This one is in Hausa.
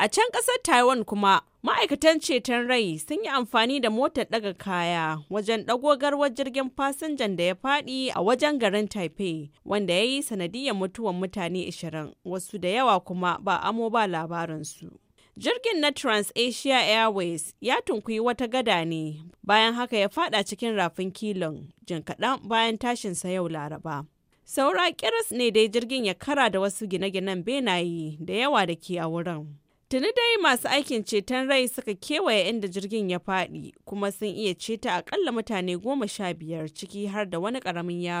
A can ƙasar Taiwan kuma ma'aikatan ceton rai sun yi amfani da motar ɗaga kaya wajen ɗago garwar jirgin fasinjan da ya faɗi a wajen garin Taipei wanda ya yi sanadiyar mutuwan mutane 20 wasu da yawa kuma ba amo ba labaransu. Jirgin na TransAsia Airways ya tunkuyi wata gada ne bayan haka ya fada cikin rafin kilon jin kaɗan bayan tashinsa yau Laraba. Saura kiris ne dai jirgin ya kara da wasu gine-ginen benaye da yawa da ke a wurin. Tuni dai masu aikin ceton rai suka kewaye inda jirgin ya faɗi kuma sun iya ceta akalla mutane goma sha biyar ciki har da wani ƙaramin yaro.